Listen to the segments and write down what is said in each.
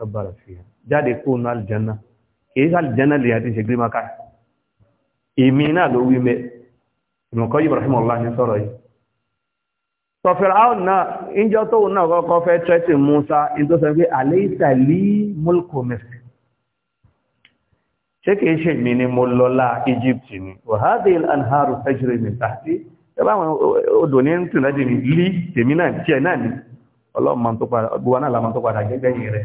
tọ́bàrà fi hàn jáde kó nù alìjánná kìí sàlìjánná lè àti ṣe gírímà káà èmi náà ló wí mẹ́ ìmọ̀kọ́ Ibrahim Allah ní sọ̀rọ̀ yìí sọ̀fẹ̀rẹ̀ àwọn náà ìjọ tó náà kọ́kọ́ fẹ́ tẹ́tì Musa ìjọ sọ pé alaysa li mulku Misr ṣé kìí ṣe mi ni mo lọ́lá Egypt ni wa hadhihi al-anharu ń tó padà gbogbo náà la tó padà gẹ́gẹ́ yìí rẹ̀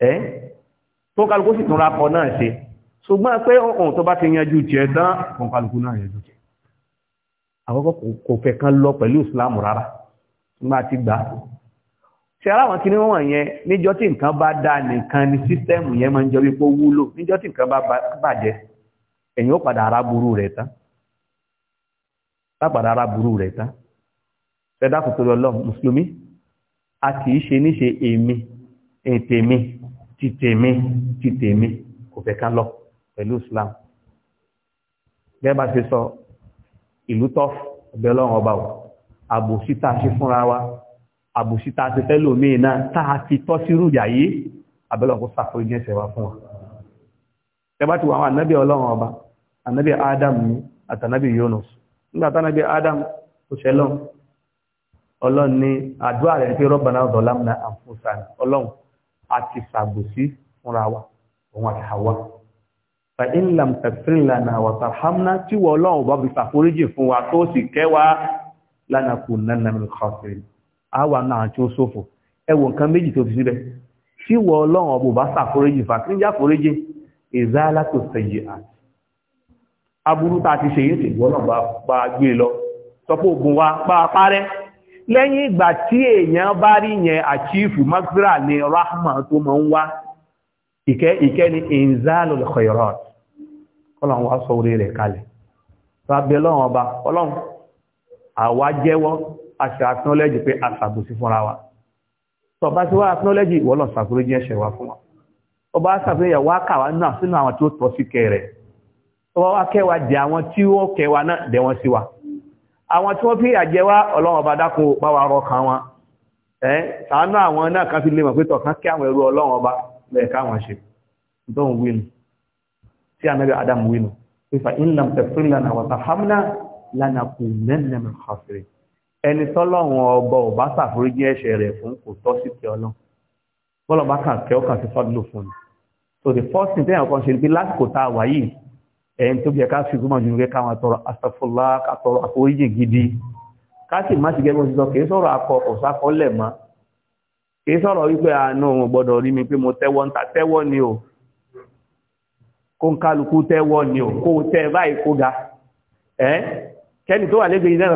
ẹ́ tó kálukú sì tún rapọ̀ náà ṣe ṣùgbọ́n pé ohun tó bá ti yanjú tiẹ̀ tán ohun kálukú náà yanjú tiẹ̀ àkọ́kọ́ kò fẹ́ kan lọ pẹ̀lú ìsìláàmù rárá nígbà tí gbà ṣe aláwọn kí ní wọ́n yẹn níjọ́ tí nǹkan bá dá nìkan ni sísẹ́mù yẹn máa ń jọ wípé ó wúlò níjọ́ tí nǹkan bá bàjẹ́ ẹ̀yìn ó padà ara burú rẹ̀ tán lápàdà ara burú rẹ̀ tán ṣẹ́dá kòtò lọ́lọ́ mùsùlùmí a kì í ṣe níṣe èmi ètèmi ti tèmi ti tèmi kò fẹ́ ká lọ pẹ̀lú islam gẹ́gẹ́ bá ṣe sọ ìlú tọ́ ọ̀bẹ ọlọ́run ọba ò àbòsí tá a ṣe fúnra wa àbòsí tá a ṣe fẹ́ lòmíì náà tá a ti tọ́ sírù yà yí abẹ́lọ́run kó sàkóyí ní ẹsẹ̀ wa fún wa gẹ́gẹ́ bá ti wà àwọn ànábì ọlọ́run ọba ànábì adam ni àtànábì yunus nígbà tánábì adam kò ṣẹlọ́n ọlọ́run ni àdúrà rẹ̀ ń pé rọ́bà náà dọ̀lá àti ṣàgbòsí fúnra wa òun àti Hawa fa in lam taghfir lana wa tarhamna tí wọ́n ọlọ́run bá fi ṣàforíjì fún wa tó sì kẹ́ wa lanakunanna minal khasirin àwa náà tí ó ṣòfò ẹ wo nǹkan méjì tó fi síbẹ̀ tí wọ́n ọlọ́run ọbọ̀ bá ṣàforíjì fà kí ní jáforíjì izalatu sayyi'at aburú tá ti ṣe yìí sì wọ́n bá gbé lọ sọ pé ògùn wa bá parẹ́ lẹ́yìn ìgbà tí èèyàn bá rí yẹn àchífù magbira ní rahma tó mọ̀ ń wá ìkẹ́ ìkẹ́ ni inzalul khairat ọlọ́run wá sọ orí rẹ̀ kalẹ̀ rábẹ́ ọlọ́run ọba ọlọ́run àwa jẹ́wọ́ àṣà pé a ṣàbòsí fúnra wa tó bá ti wá acknowledge ìwọ́lọ̀ ṣàforíjì wa fún wa ọba ṣàfihàn wá kàwá náà sínú àwọn tí ó tọ́ sí kẹrẹ̀ ọba wá kẹwàá jẹ àwọn tí ó kẹwàá náà dẹ̀wọ́n àwọn tí wọ́n fi àjẹ́ wá ọlọ́run ọba dákò bá wa rọ kan wọn ẹ́ sàánú àwọn náà kan fi lè mọ̀ pé tọ̀kan kí àwọn ẹrú ọlọ́run ọba lẹ́ẹ̀ká wọn ṣe tóun wínú tí anábì adam wínú pípa inlam tẹ̀fún lana wàtà hamna lana kù nẹ́nẹ̀ mọ̀ kàfẹ́rẹ́ ẹni tọ́lọ́run ọba ò bá ṣàforíjì ẹ̀ṣẹ̀ rẹ̀ fún kò tọ́ sí ti ọlọ́run bọ́lọ̀ bá kàn kẹ́ ó kàn sí fọ́dúlò fún ni so the first thing tẹ́yàn kan ṣe ni pé lásìkò tá ẹ̀yìn tó jẹ ká fi gúnmọ̀ jù rẹ̀ káwọn tọrọ astagfọ́lá kátọrọ àforíjì gidi ká sì má ti gẹ́gbẹ́ sísọ kìí akọ ọ̀sákọ́lẹ̀ mọ́ kìí sọ̀rọ̀ wípé àánú ah, òun gbọ́dọ̀ rí mi pé mo tẹ́wọ́ ń ta ni o kó ń kálukú tẹ́wọ́ ni o kó tẹ́ báyìí kó ga ẹ́ kẹ́ni tó wà lẹ́gbẹ̀ẹ́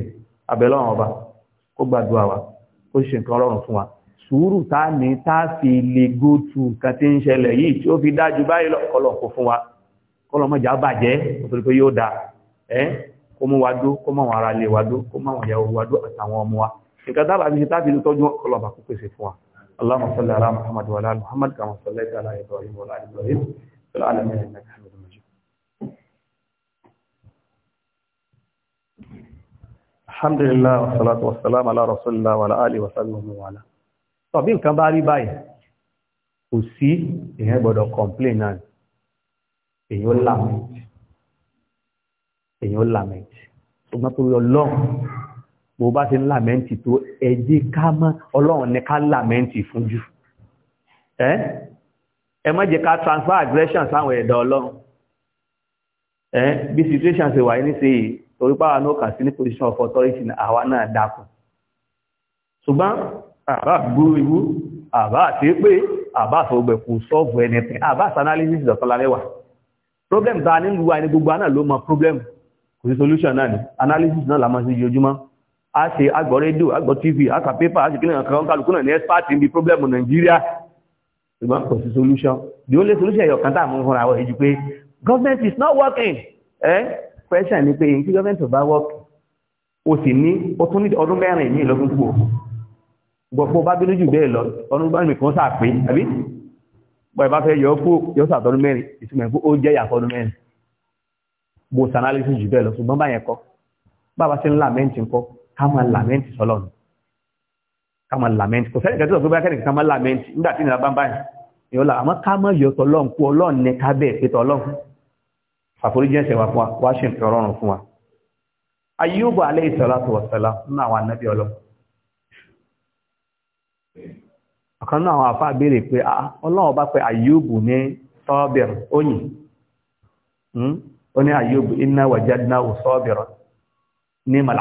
yìí kó gbàdúrà wa kó ṣe nǹkan rọrùn fún wa sùúrù tá ní tá fi lè go to nǹkan tí ń ṣẹlẹ̀ yìí tí ó fi dájú báyìí lọ́kọ̀ọ́lọ́ kó fún wa kọ́lọ́ mọ́jà bàjẹ́ nítorí pé yóò dá ẹ́ kó mú wa kó mọ̀ wọn ara lè wa kó mọ̀ wọn ìyàwó wa àtàwọn ọmọ wa nǹkan tá àbí ṣe tá fi lè tọ́jú ọlọ́ba kó pèsè fún wa اللهم صل على محمد وعلى ال محمد كما صليت alhamdulillah wassalatu wassalamu ala rasulillah wa ala alihi wa sahbihi wa ala tó bí nǹkan bá rí báyìí kò sí èèyàn gbọ́dọ̀ complain náà èèyàn lament èèyàn lament ṣùgbọ́n torí ọlọ́run bó bá ti ń làmẹ́ǹtì tó ẹjẹ́ ká mọ́ ọlọ́run ní ká làmẹ́ǹtì fún jù ẹ́ ẹ má jẹ́ ká transfer aggression sáwọn ẹ̀dọ̀ ọlọ́run eh bí situation ṣe wà ní sèyí torí pàwà náà kà sí ní position of authority ní àwa náà dákùn ṣùgbọ́n àbá gbúrú ibú àbá àti pé àbá àfọgbẹ̀ kò sọ́ọ̀fù ẹnẹ̀tẹ̀ àbá analysis ọ̀tọ́lá mẹ́wà problem ta ní lu àìní gbogbo náà ló mọ problem kò sí solution náà ni analysis náà la máa ṣe yojúmọ́ a ṣe agbọ̀ rédíò agbọ̀ tv aka paper, a ṣe kí nìkan kan kálukú náà ní expert níbi problem nàìjíríà ṣùgbọ́n kò sí solution the only solution ẹ̀yọ̀ kan tá à mú fúnra wọ̀ ju pé government is not working eh question ni pé tí government ò bá work o sì ní o tún ní ọdún mẹ́rin ní ìlọ́gbọ́n púpọ̀ gbogbo bá bínú jù bẹ́ẹ̀ lọ ọdún mẹ́rin kan sàpé àbí bọ́ ìbá fẹ́ yọ kó yọ sàtọ́dún mẹ́rin ìtumẹ̀ fún ó jẹ́ ìyàfọ́dún mẹ́rin bó sanalysis jù bẹ́ẹ̀ lọ ṣùgbọ́n báyẹn kọ́ bàbá sí ń làmẹ́ǹtì ń kọ́ ká máa làmẹ́ǹtì sọlọ́nù ká máa làmẹ́ǹtì kò sẹ́yìn kẹ́tọ́ gbogbo akẹ́kẹ́ ká máa làmẹ́ǹtì nígbà tí ìnira bá ń báyìí ìyọ́lá àmọ́ ká máa yọ tọlọ́n kú ọlọ́run ní ká bẹ́ẹ̀ pé tọlọ́run àforíjì ẹ̀ṣẹ̀ wa fún wa wá ṣe nǹkan ọlọ́run fún wa Ayúbù alayhi salatu wassalam nínú àwọn anábì ọlọ́ ọ̀kan náà àwọn àfáà béèrè pé ọlọ́run bá pé Ayúbù ní sabir oyin hmm? ó ní Ayúbù inna wajadnahu sabiran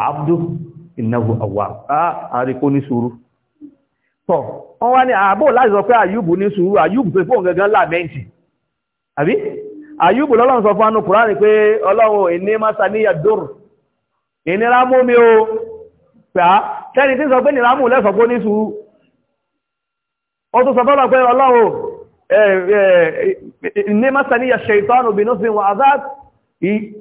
abdu innahu awwab àríkó ní sùúrù àyùbù lọ́lọ́run sọ fún anú kùránì pé ọlọ́run ìní mọ́sá ní yàdùr ìnira mú mi o pẹ̀á ah, tẹ́ni tí sọ pé nìra mú lẹ́sọ̀ pé níṣù ó tún sọ fọ́lọ̀ pé ọlọ́run ìní mọ́sá ní ṣètọ́nù bínú sí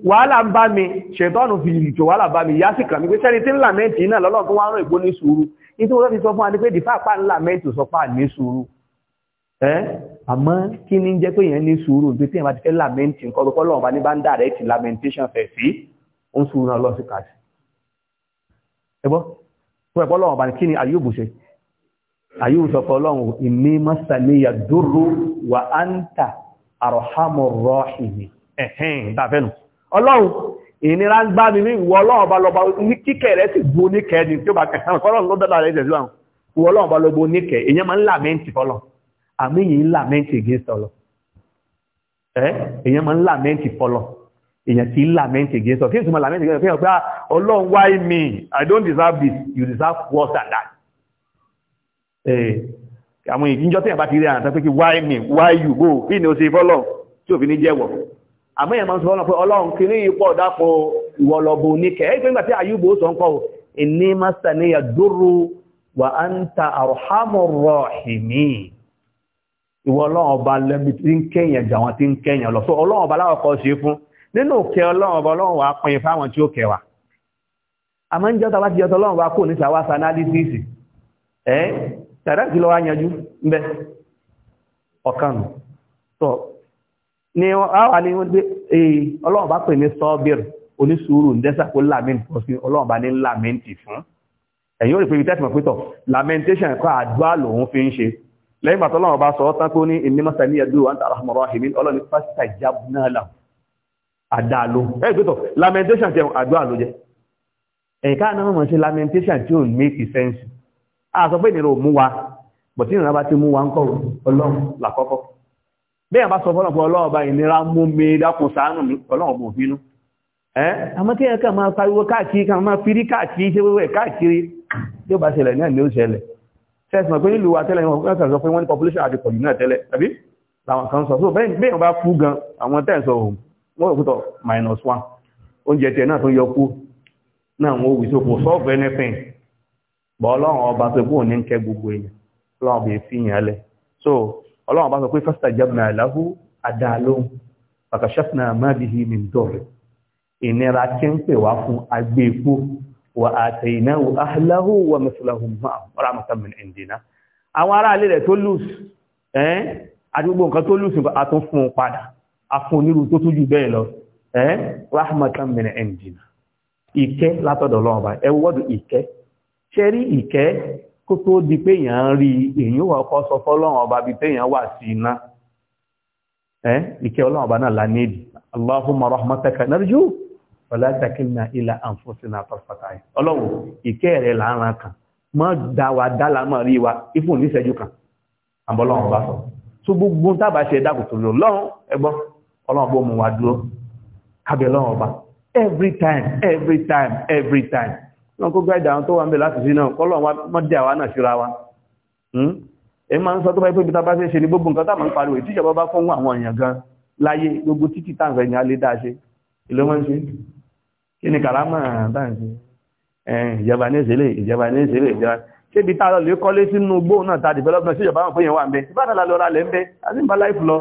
wàhálà ń bá mi ṣètọ́nù fi ìjò wàhálà bá mi yá sí kàmí pé tẹ́ni tí ń làmẹ́ntì náà lọ́lọ́run tó wá rán ìgbóníṣùúrú ẹ́ àmọ́ kí ní jẹ́ pé èèyàn ní sùúrù bí tí èèyàn ti fẹ́ lamẹ́ntì nǹkan ọ̀rọ̀ pọ́lọ́wọ́n bá ní bá ń dà rẹ̀ lamentation fẹ̀ sí ó ń sùúrù náà lọ sí kàṣì ẹgbọ́ fún ẹ̀pọ́ lọ́wọ́n bá ní kí ni Ayúbù ṣe Ayúbù sọ fọ́ lọ́wọ́n ìní mọ́sàlẹ́yà dúró wà á ń tà àròhámọ̀ rọ́ ìní ẹ̀hẹ́n tàfẹ́nu ọlọ́run ìnira ń gbá mi ní ìwọ ọlọ́run bá lọ́ba ni tí ó bá kẹsàn-án kọ́lọ́run ló dọ́là rẹ̀ jẹ̀ sí àwọn ìwọ ọlọ́run bá lọ́ba àmì yìí ń làmẹ́ǹtì against ọlọ́ ẹ́ èèyàn máa ń làmẹ́ǹtì fọlọ́ èèyàn kì làmẹ́ǹtì against ọlọ́ kí èsì máa làmẹ́ǹtì against ọlọ́ pé ah, ọlọ́run why me i don't deserve this you deserve worse than that àwọn ìjíjọ́ tí ìyàbá ti rí àràtà pé why me why you go kí ni ó ṣe fọ́lọ̀ tí òfin ní jẹ́wọ̀ àmọ́ ìyàmọ́ sọ ọ́nà pé ọlọ́run kiri ipò ọ̀dápọ̀ ìwọ̀lọ́bù oníkẹ́ ẹ́ ìgbẹ́gbà tí àyúbò sọ ń kọ́ ìwọ ọlọ́run ọba lẹ́bi tí ń kẹ́yàn jà wọn tí ń kẹ́yàn lọ so ọlọ́run ọba láwọ̀ kọ́ ṣe fún nínú òkè ọlọ́run ọba ọlọ́run wà pín fáwọn tí ó kẹwà àmọ́ ń jọta bá ti jọta ọlọ́run wa kò ní sàwá sanálísìsì ẹ́ tàdá sí lọ wá yanjú ńbẹ ọ̀kan nù so ni àwà ni wọ́n gbé ee eh, ọlọ́run bá pè ní sọ́bìrì onísùúrù ǹdẹ́sàkó làmíntì fún sí ọlọ́run bá ní làmíntì fún ẹ̀yìn ó rí pé ibi tẹ́sìmọ̀ pé tọ̀ lamentation kọ́ àdúrà lòun fi lẹ́yìn bàtọ́ lọ́wọ́ bá sọ ọ́ tán kó ní ìnímọ̀sá ní ẹ̀dùn wa anta arhamur rahimin ọlọ́ni fastajabna lahu àdáàlú ẹgbẹ́tọ̀ lamentation tẹ àdúrà ló jẹ́ ẹ̀ká náà mọ̀ sí lamentation tí ó make sense a sọ pé nìrò mú wa bọ̀ tí ìrìnà bá ti mú wa ń kọ́ ọlọ́run làkọ́kọ́ bẹ́ẹ̀ bá sọ fọ́nà pọ̀ ọlọ́run bá ìnira mú mi sẹ́sìn pé nílùú wa tẹ́lẹ̀ wọn kàn sọ pé wọ́n ní population àti pọ̀jù náà tẹ́lẹ̀ tàbí làwọn kan sọ so bẹ́ẹ̀ bẹ́ẹ̀ bá kú gan àwọn tẹ́ sọ wọ́n rò kútọ̀ minus one oúnjẹ tiẹ̀ náà tó yọ kú náà wọ́n wí sókò solve anything bọ́ ọlọ́run ọba tó kú òní ń kẹ́ gbogbo èèyàn ọlọ́run bèè fi yàn lẹ̀ so ọlọ́run ọba sọ pé fastajabna lahu àdáa lóhun fakashafna ma bihi min dọ̀rẹ̀ ìnira tí ń pè wá fún wa atainahu ahlahu wa mithlahum ma'ahum rahmatan àwọn ará ilé rẹ̀ tó lose eh àti a tún fún padà a fún nírú tó bẹ́ẹ̀ lọ eh rahmatan min indina ìkẹ́ látọ̀dọ̀ Ọlọ́run ẹ wodu ìkẹ́ seri ìkẹ́ kó tó di pé èyàn rí èyàn wà kọ́ sọ fọ́lọ́run bí pé wà sí wala takilna ila anfusina tarfata ayé ọlọ́run ìkẹ́ rẹ̀ láàrín kan mọ́ dá wa dá la mọ́ rí wa ifun níṣẹ́jú kan àbọ̀lọ́run bá sọ tó gbogbo tábà ṣe dákò tó ẹgbọ́n ọlọ́run bó mú wa dúró kábẹ́ lọ́run ọba every time every time every time wọn kó gbáìdà àwọn tó wà ń bẹ láti sí náà kọ́lọ́run wa mọ́ dé àwa náà síra wa hmm? ẹ máa ń sọ tó bá yẹ pé ibi tá a bá ṣe ṣe ní ń ṣe kí ni kàrámà báyìí ìjọba ní ìṣẹ́lẹ̀ ìjọba ní ìṣẹ́lẹ̀ ìjọba ṣébi tá a lọ lè kọ́lé sínú gbó náà ta development sí ìjọba àwọn fóyẹn wà ń bẹ ìbára la lọ́ra lẹ́ ń bẹ àti ìbá láìpù lọ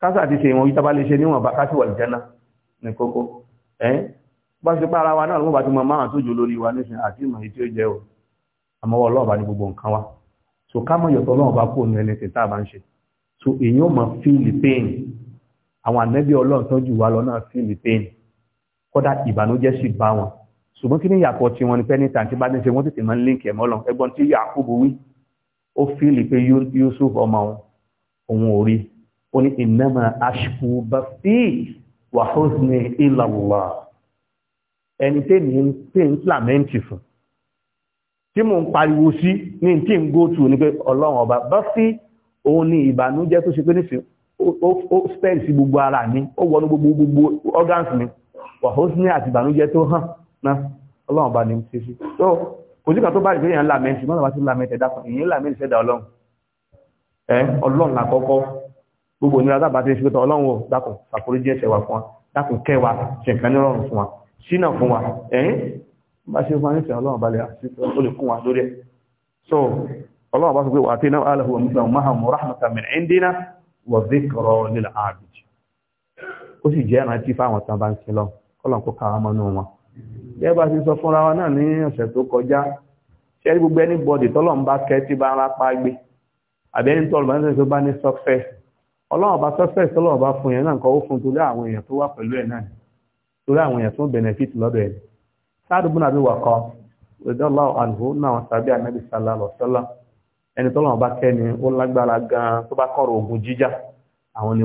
kásà ti ṣe ìwọ̀n yìí tábà lè ṣe níwọ̀n bá kásì wà lè jẹ́nà ní kókó ẹ́ bá ṣe pàra wa náà ló bá ti mọ márùn tó jò lórí wa nísìn àti ìmọ̀ èyí jẹ́ o so ká mọ̀ yọ̀tọ̀ ọlọ́run bá kó so èyí ó mọ̀ pain àwọn ànẹ́bí ọlọ́run tó jù wá lọ pain kódà ìbànújẹ́ sì bá wọn ṣùgbọ́n kí ni ìyàtọ̀ tí wọ́n ní pé ní tàǹtí bá ní ṣe wọ́n tètè máa ń líǹkì ẹ̀mọ́ lọ ẹgbọ́n tí Yakubu wí ó fíìlì pé Yusuf ọmọ òun ò rí ó ní innama ashku bathi wa huzni ila Allah ẹni tí ní tí ń làmẹ́ǹtì fún tí mò ń pariwo sí ní tí ń go to ní pé ọlọ́run ọba bathi òun ní ìbànújẹ́ tó ṣe pé nísìn ó spẹ́ǹsì gbogbo ara mi ó wọnú gbogbo gbogbo organs mi a àti ìbànújẹ́ tó hàn náà ọlọ́run bá ní ṣe sí so kò sí tó bá rí pé èèyàn làmẹ́ntì mọ́nà bá ti làmẹ́ntì ẹ̀dá kan èèyàn làmẹ́ntì ṣẹ̀dá ọlọ́run ẹ ọlọ́run là gbogbo ìnira tá ti ṣe pé fún wa fún wa ṣínà fún wa bá ṣe fún ọlọ́run kọ́lọ̀n kó kára mọ́nú wọn gẹ́gẹ́ bá ti sọ fúnra wa náà ní ọ̀sẹ̀ tó kọjá ṣe rí gbogbo anybody tọ́lọ́n bá kẹ́ tí bá ń rápá gbé àbẹ́yìn tọ́lọ́n bá ń sọ bá ní success ọlọ́run bá success tọ́lọ́run bá fún yẹn náà kọ́ ó fún torí àwọn èèyàn tó wà pẹ̀lú ẹ̀ náà torí àwọn èèyàn tó benefit lọ́dọ̀ ẹ̀ sáàdù bùnà bí wàkọ́ ìdọ́lá àlùhó náà wọn tàbí ànábì sàlá lọ́sọ́lá ẹni tọ́lọ́run bá kẹ́ ni ó lágbára gan-an tó bá àwọn ni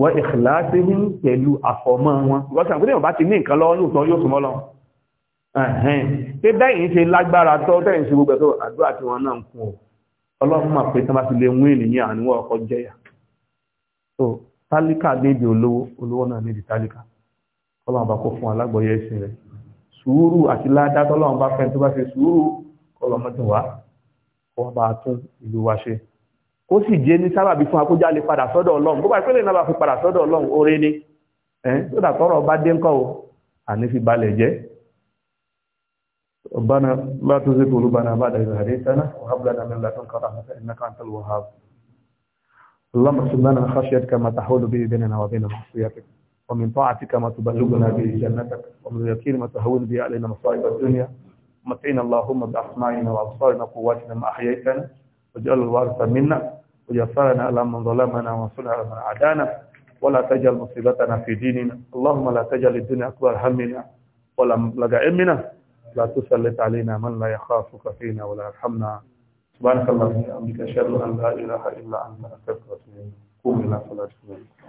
wọ́n ìkìláṣíhìn pẹ̀lú àfọ̀mọ́ wọn lọ́sàn pé bá ti ní nǹkan lọ́wọ́ lóòtọ́ yóò súnmọ́ lọ pé bẹ́yìn ṣe lágbára tọ́ tẹ́yìn se gbogbo ẹ̀tọ́ àdúrà tí wọ́n náà ń kún ọlọ́run mà pé tán bá ti lè wín ènìyàn àníwọ̀ ọkọ̀ jẹ́yà so tálíkà débi olówó olówó náà níbi tálíkà ọlọ́run bá kó fún alágbọ̀yẹ ẹ̀sìn rẹ̀ sùúrù àti ládá tọ́lọ́run bá fẹ́ tó bá ṣe sùúrù ọlọ́mọdé wa kó wá bá tún ìlú wa ṣe ó sì jẹ́ ní sábàbí fún akójá lè padà sọ́dọ̀ ọlọ́run gbogbo àpẹẹlẹ̀ náà bá fi padà sọ́dọ̀ ọlọ́run oore ni ẹ̀ tó dàtọ́rọ̀ bá dé ńkọ́ o àní fi balẹ̀ jẹ́ ọ̀bánà látó sí olúbánà bá dàgbà àdéhìtánà wàhábùlánà mẹ́rin látó nǹkan àmọ́ta iná káńtà lọ wàhábù اللهم اغفر لنا خشيتك ما تحول به بيننا وبين معصيتك ومن طاعتك ما تبلغنا به جنتك ومن اليقين ما تهون به علينا مصائب الدنيا متعنا اللهم بأسمائنا وأبصارنا وقواتنا ما أحييتنا واجعل الوارث منا ويسرنا على من ظلمنا وانصرنا على من عادانا ولا تجعل مصيبتنا في ديننا اللهم لا تجعل الدنيا أكبر همنا ولا مبلغ علمنا لا تسلط علينا من لا يخافك فينا ولا يرحمنا سبحانك اللهم وبحمدك اشهد ان لا اله الا انت استغفرك واتوب اليك قوم الى صلاتكم